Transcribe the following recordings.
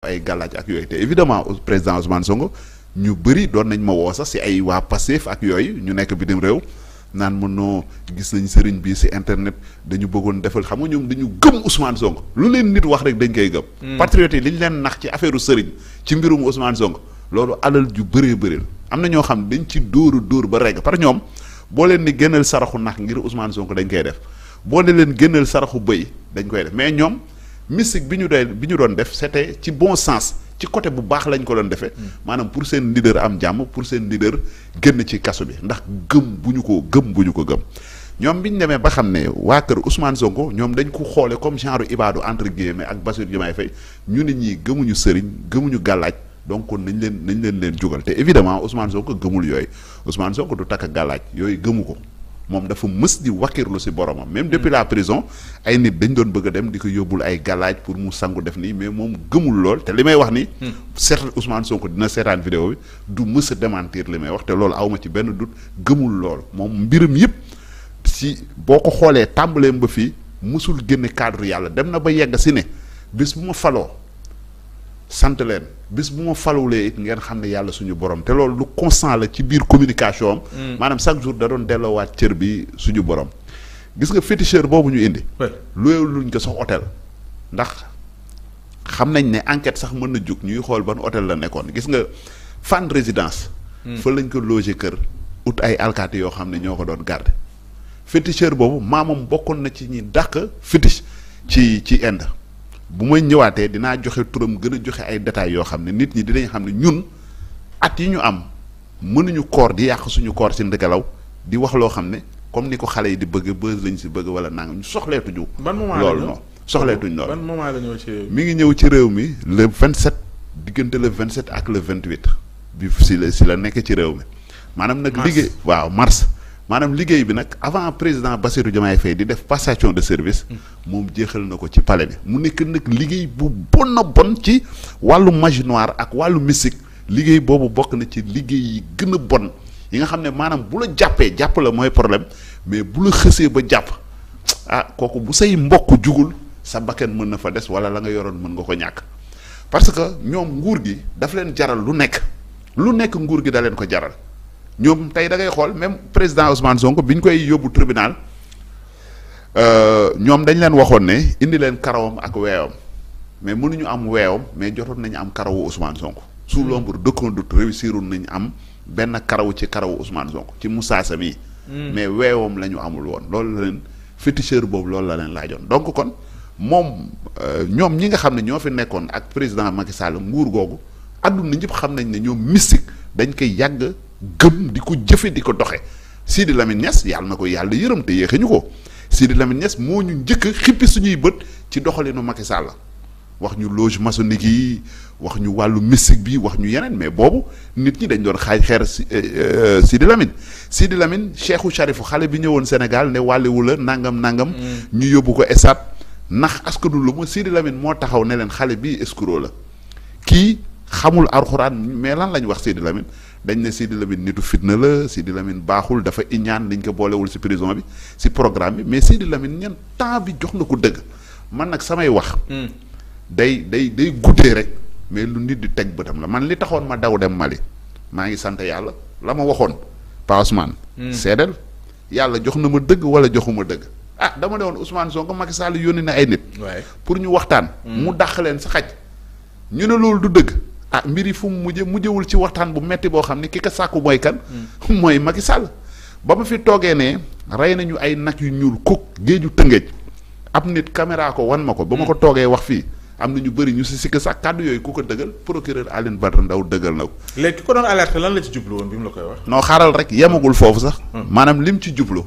ay gàllaaj ak yooyu te évidemment président Ousmane Sonko ñu bëri doon nañ ma woo sax si ay waa Pastef ak yooyu ñu nekk bitim réew naan ma noo gis nañ sëriñ bi si internet dañu bëggoon defal xam nga ñoom dañu gëm Ousmane Sonko lu leen nit wax rek dañ koy gëm. Hmm. patriote yi li leen nax ci affaire sëriñ ci mbirum Ousmane Sonko loolu alal ju bëree bëri am na ñoo xam dañ ci dóoru dóor ba reg par ñoom boo leen ni génnal saraxu nax ngir Ousmane Sonko dañ koy def boo leen génnal saraxu bëy dañ koy def mais ñoom. mystique bi ñu doy bi ñu doon def c'était ci bon sens ci côté bu baax lañ ko doon defee hmm. maanaam pour seen leader am jàmm pour seen leader génn ci kaso bi ndax gëm bu ñu ko gëm bu ko gëm ñoom bi ñu demee ba xam ne waa kër Ousmane Sonko ñoom dañ ko xoole comme genre ibaadu entre guillemets ak Bassirou Diomaye Faye ñu ne ñii gëmuñu sëriñ gëmuñu gàllaaj donc nañ leen nañ leen leen jugal te évidemment Ousmane Sonko gëmul yooyu Ousmane Sonko du takk gàllaaj yooyu gëmu ko moom dafa mës di wakirlu si boromam même depuis la prison ay nit dañ doon bëgg a dem di ko yóbbul ay galaaj pour mu sangu def nii mais moom gëmul lool te li may wax ni hmm. seetal Ousmane Sonko dina seetaan vidéo bi du mës a li may wax te loolu awma ci benn doute gëmul lool moom mbiram yëpp si boo ko xoolee tàmbaleem ba fii mësul génne cadre yàlla dem na ba yegg si ne bis bu ma faloo sant leen bis bu ma falulee it ngeen xam ne yàlla suñu borom te loolu lu constant la ci biir communication am. Mm. maanaam chaque jour da doon dellowaat cër bi suñu borom. gis nga féticheur boobu ñu indi. loolu luñ ko sox hôtel. ndax xam nañ ne enquête sax mën na jug ñuy xool ban otel la nekkoon gis nga fan résidence. Mm. fa lañ ko loger kër ut ay alkaati yoo xam ne ñoo ko doon garder féticheur boobu maamam bokkoon na ci ñi dàq fétiche ci ci Inde. bu may ñëwaatee dinaa joxe turam gën a joxe ay détails yoo xam ne nit ñi dinañ xam ne ñun at yi ñu am mënuñu koor di yàq suñu koor si ndëgalaw di wax loo xam ne comme ni ko xale yi di bëgg ba lañ si bëgg wala nangam ñu soxleetuñu. ban moment loolu non soxleetuñ loolu. ban moment la ñëw ci mi ngi ñëw ci réew mi le 27 diggante le 27 ak vingt 28 bi si la si la nekk ci réew mi. maanaam nag liggéey waaw mars. maanaam liggéey bi nag avant président Bassirou Diomaye Faye di def passation de service mm. moom jeexal na ko ci pale bi mu nekk nag liggéey bu bon a bon ci wàllu magie ak wàllu mystique liggéey boobu bokk na ci liggéey yi gën a bon yi nga xam ne maanaam bu la jàppee jàpp la mooy problème mais bu la xësee ba jàpp ah kooku bu say mbokk jugul sa bakken mën na fa des wala la nga yoroon mën nga ko ñàkk parce que ñoom nguur gi daf leen jaral lu nekk lu nekk nguur gi da leen ko jaral ñoom tey da ngay xool même président Ousmane sonk bi ñu koy yóbbu tribunal euh, ñoom dañ leen waxoon ne indi leen karawam ak weewam mais mënuñu am weewam mais jotoon nañ am karawu Ousmane sonk sous hmm. l'ombre de conduite réussiroon nañu am benn karaw ci karawu Ousmane sonk ci Moussa mi hmm. mais weewam la ñu amul woon loolu la leen féticheur boobu loolu la leen laajoon donc kon moom euh, ñoom ñi nga xam ne ñoo fi nekkoon ak président Macky Sall nguur googu àdduna ñëpp xam nañ ne ñoom mystique dañ koy yàgg. gëm di ko jëfe di ko doxe Sidi Lamine Niass yàlla na ko yàlla yërëm te yéexe ñu ko Sidi Lamine Niass moo ñu njëkk xippi suñuy bët ci doxalinu Macky la wax ñu loge maçonnique yi wax ñu wàllu mystique bi wax ñu yeneen mais boobu nit ñi dañ doon xaaj xeer euh, euh, Sidi Lamine siidi lamin Cheikhou Charifu xale bi ñëwoon Sénégal ne wàllewu la nangam nangam mm. ñu yóbbu ko esat ndax askanu lu ma Sidi Lamine moo taxaw ne leen xale bi escroc la kii xamul alxuraan mais lan lañ wax Sidi Lamine dañ ne Sidi Lamine nitu fitna la Sidi Lamine baaxul dafa iñaan liñ ko boolewul si prison bi si programme bi mais Sidi Lamine ñen temps bi jox na ko dëgg man nag samay wax. Hmm. day day day guddee rek mais lu nit di teg bëtam la man li taxoon ma daw dem Mali maa ngi sant yàlla la ma waxoon Pa Ousmane. Hmm. seedeel yàlla jox na ma dëgg wala joxuma dëgg. ah dama ne woon Ousmane Sonko Macky Sall yónni na ay nit. pour ñu waxtaan. Hmm. mu dàq leen sa xaj. ñu ne loolu du dëgg. ah mbir yi fu mu mujj mujjewul ci waxtaan bu metti boo xam ne ki ka sàkku mooy kan. Hmm. mooy Macky Sall ba ma fi toogee ne rey nañu ay nag yu ñuul kuk géeju tëngëj ab nit caméra ko wan ma ko. ba ma ko hmm. toogee wax fii. am na ñu bëri ñu si sikk sax kàddu yooyu ku ko dëggal procureur Alioune Badara ndaw dëggal na ko. léegi ki ko doon alerte lan la ci jublu woon bi mu la koy wax. noo xaaral rek yemagul foofu sax. Hmm. maanaam lim ci jublu.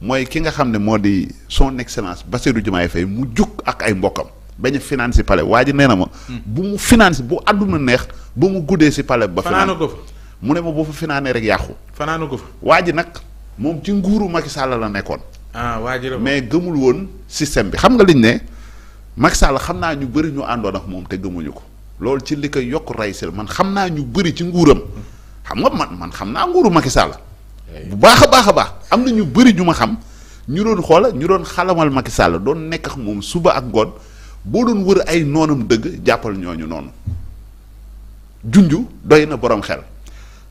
mooy ki nga xam ne moo di son excellence Bassirou Diomaye Faye mu jug ak ay mbokkam. bañ a financé pale waa ji nee na ma. Hmm. bu mu financé bu àdduna neex ba mu guddee si pale ba. fanaanu ko mu ne ma boo fa finaanee rek yàqu. fanaanu ko fa waa ji nag moom ci nguuru Macky Sall la nekkoon. ah waa mais gëmul woon système bi xam nga liñ ne Macky Sall xam naa ñu bëri ñu àndoon ak moom te gëmuñu ko loolu ci li koy yokk ray sel man xam naa ñu bëri ci nguuram xam nga man man xam naa nguuru Macky Sall eh. bu baax a baax a baax am na ñu bëri ñu ma xam ñu doon xoola ñu doon xalamal Macky Sall doon nekk moom suba ak ngoon. boo doon wër ay noonam dëgg jàppal ñooñu noonu junju doy na borom xel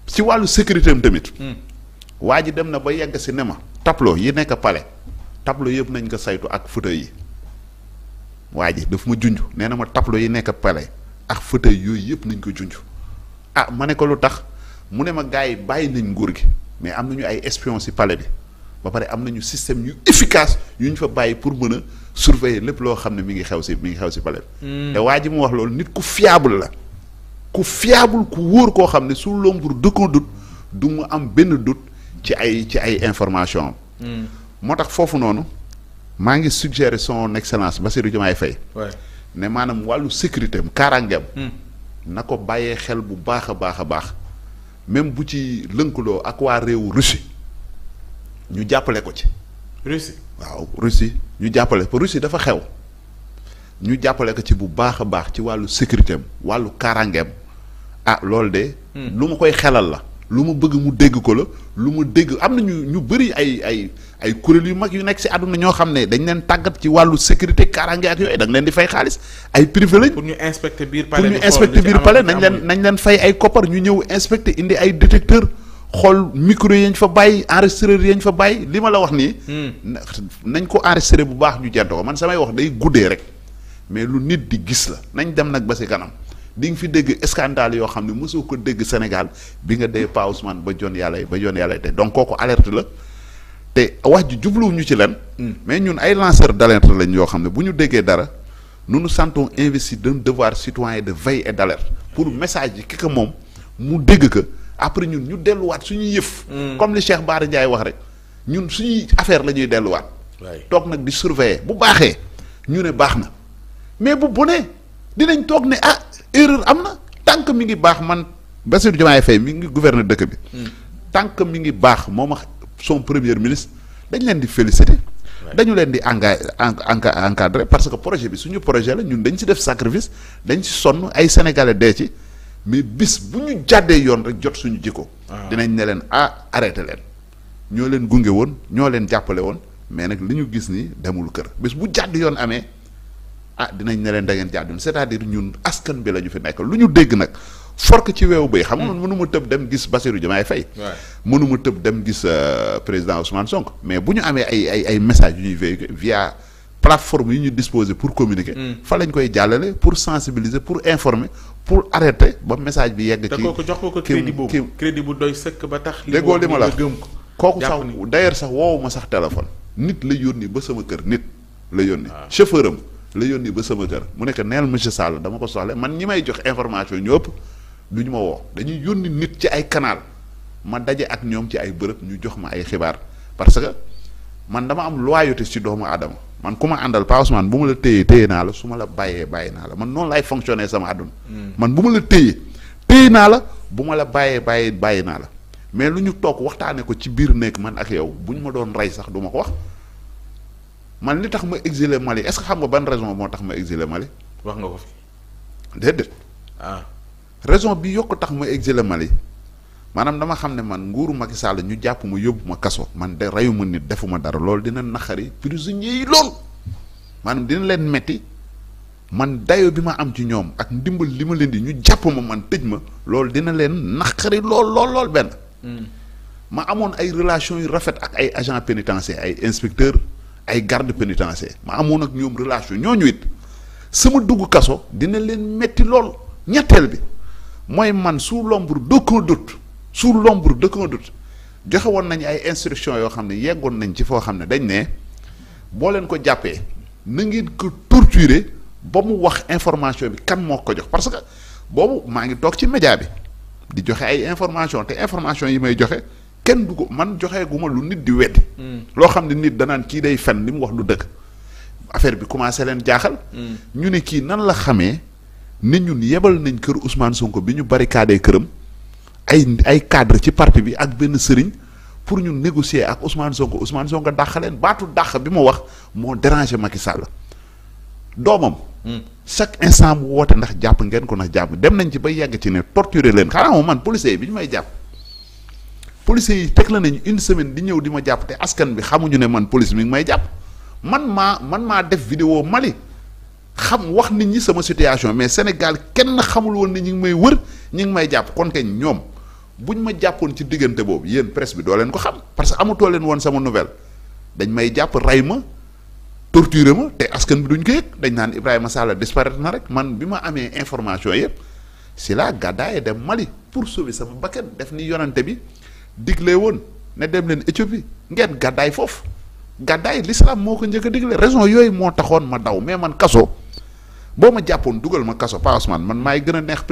ci wàllu sécurité am tamit. Hmm. waa ji dem na ba yegg si ne ma. taplo yi nekk palais tableau yëpp nañ ko saytu ak fauteuil yi waa ji daf ma junj nee na ma tableau yi nekk palais ak fauteuil yooyu yëpp nañ ko junju ah ma ne ko lu tax mu ne ma gars yi bàyyi nañ nguur gi mais am nañu ay espion si pale bi. ba pare am na ñu système yu efficace yu ñu fa bàyyi pour mën a surveiller lépp loo xam ne mi ngi xew si mi ngi xew si palais hmm. te waa ji mu wax loolu nit ku fiable la ku fiable ku wóor koo xam ne sous l'ombre de ko doute du mu am benn doute ci ay ci ay information am hmm. moo tax foofu noonu maa ngi suggérer son excellence Bassirou Diomaye Faye ne maanaam wàllu sécurité am hmm. na ko bàyyee xel bu baax a baax a baax même bu ci lënkaloo ak waa réewu Russie ñu jàppale ko ci. Russie waaw Russie ñu jàppale ko Russie dafa xew ñu jàppale ko ci bu baax a baax ci wàllu sécurité wàllu kaaraangeem a ah, loolu de. Hmm. lu ma koy xelal la. lu mu bëgg mu dégg ko la lu mu dégg am na ñu ñu bëri ay ay ay kuréel yu mag yu nekk si àdduna ñoo xam ne dañ leen tàggat ci wàllu sécurité kaaraange ak yooyu da leen di fay xaalis ay privé lañ. pour ñu inspecter biir palais pour ñu inspecter nañ leen nañ leen fay ay koppar ñu ñëw inspecter indi ay détecteur xool micro yañ fa bàyyi enregistreur yañ fa bàyyi li ma la wax nii. Hmm. nañ ko enregistré bu baax ñu jento ko man samay wax day guddee rek mais lu nit di gis la nañ dem nag ba si kanam di nga fi dégg scandale yoo xam ne mosoo ko dégg Sénégal bi nga dee Pa Ousmane ba jon yàlla ba jon yàlla te donc kooku alerte la te wax ji jubluwuñu ci leen. Hmm. mais ñun ay lanceur d'alerte lañ yoo xam ne bu ñu déggee dara nous nous sentons investis de devoir citoyen de veille et d'alerte pour message yi moom mu dégg ko. après ñun ñu delluwaat suñuy yëf. Hmm. comme li Cheikh Bara Ndiaye wax rek ñun suñuy affaire la ñuy delluwaat. toog nag di surveiller bu baaxee ñu ne baax na mais bu bonee dinañ toog ne ah erreur am na tant mi ngi baax man Bassirou Diomaye Faye mi ngi gouverneur dëkk bi. Hmm. tant que mi ngi baax moom ak son premier ministre dañ leen di féliciter. dañu leen di enga encadré parce que projet bi suñu projet la ñun dañ ci def sacrifice dañ si sonn ay sénégalais dee ci. mais bis bu ñu jàddee yoon rek jot suñu jikko ah. dinañ ne leen ah arrêté leen ñoo leen gunge woon ñoo leen jàppale woon mais nag li ñu gis ni demul kër bis bu jàdd yoon amee a ah, dinañ ne leen da ngeen jàdd yoon c'est-à-dire ñun askan bi la ñu fi nekk lu ñu dégg nag fork ci weewu bay xam nga hmm. mënuma tëb dem gis Bassirou Diomaye Faye mënuma tëb dem gis euh, président Ousmane Sonko mais bu ñu amee ay ay ay messages yu ñuy véhiculer via plateforme yi ñu disposer pour communiquer hmm. fa lañ koy jàllale pour sensibiliser pour informer pour arrêter ba message bi yegg. ci kii kooku jox ko crédit boobu crédit bu doy sëkk ba tax. li déggoo li ma la kooku sax d'ailleurs sax woowu ma sax téléphone. nit la yónni ba sama kër nit la yónni. waaw ah. chauffeur am la yónni ba sama kër mu nekk neel monsieur Sall dama ko soxla man ñi may jox information ñëpp du ñu ma woo dañuy yónni nit ci ay kanaal ma daje ak ñoom ci ay bërëb ñu jox ma ay xibaar parce que. man dama am loyauté ci doomu aadama man ku ma àndal Pa Ousmane bu ma la téyee téye naa la su ma la bàyyee bàyyi naa la man noonu laay fonctionner sama àdduna hmm. man bu ma la téyee téye naa la bu ma la bàyyee bàyyi bàyyi naa la mais lu ñu toog waxtaanee ko ci biir nekk man ak yow bu ñu ma doon rey sax du ma ko wax man li tax ma exilé Mali est xam nga ban raison moo tax ma exilé Mali. wax nga ko fi. déedéet. ah raison bi yokk tax ma exile Mali. maanaam dama xam ne man nguuru Macky Sall ñu jàpp ma yóbbu ma kaso man de reyu ma nit defuma dara loolu dina naxari prisonniers yi loolu maanaam dina leen metti man dayo bi ma am ci ñoom ak ndimbal li ma leen di ñu jàpp ma man tëj ma loolu dina leen naxari lool lool lool benn hmm. ma amoon ay relation yu rafet ak ay agent pénitentiaire ay inspecteur ay garde pénitentiaire ma amoon ak ñoom relation ñooñu it sama dugg kaso dina leen metti lool ñetteel bi mooy man sous l'ombre d'aucun doute sous l'ombre d'aucun doute joxe woon nañu ay instructions yoo xam ne yeggoon nañ ci foo xam ne dañ ne boo leen ko jàppee na ngeen ko torturer ba mu wax information bi kan moo ko jox parce que boobu maa ngi toog ci média bi di joxe ay information te information yi may joxe kenn du ko man joxe gu lu nit di weddi. Mm. loo xam ne nit danaan kii day fen li mu wax lu dëkk affaire bi commencé leen jaaxal. Mm. ñu ne kii nan la xamee ne ñun yebal nañ kër Ousmane Sonko bi ñu barricadé këram. ay ay cadre ci parti bi ak benn sëriñ pour ñu négocier ak Ousmane Sonko Ousmane Sonko dàq leen baatu dàq bi ma wax moo déranger Macky Sall doomam. Hmm. chaque instant mu woote ndax jàpp ngeen ko ndax jàpp dem nañ ci ba yegg ci ne torturer leen xanaa moom man policiers bi ñu may jàpp. policiers yi teg la nañu une semaine di ñëw di ma jàpp te askan bi xamuñu ne man police mi ngi may jàpp man maa man maa def vidéo Mali xam wax nit ñi sama situation mais Sénégal kenn xamul woon ne ñu ngi may wër ñu ngi may jàpp kon ñoom. buñ ma jàppoon ci diggante boobu yéen presse bi doo leen ko xam parce que amatoo leen woon sama nouvelle dañ may jàpp ray ma torturer ma te askan bi duñ ko yëg dañ naan Ibrahima Sall disparaître na rek man bi ma amee information yëpp si laa gàddaaye dem Mali pour sauver sama bakkan def ni yonante bi digle woon ne dem leen Éthiopie ngeen gàddaay foofu gàddaay l'islam moo ko njëkk a digle raison yooyu moo taxoon ma daw mais man kaso boo ma jàppoon dugal ma kaso man maay gën a neex.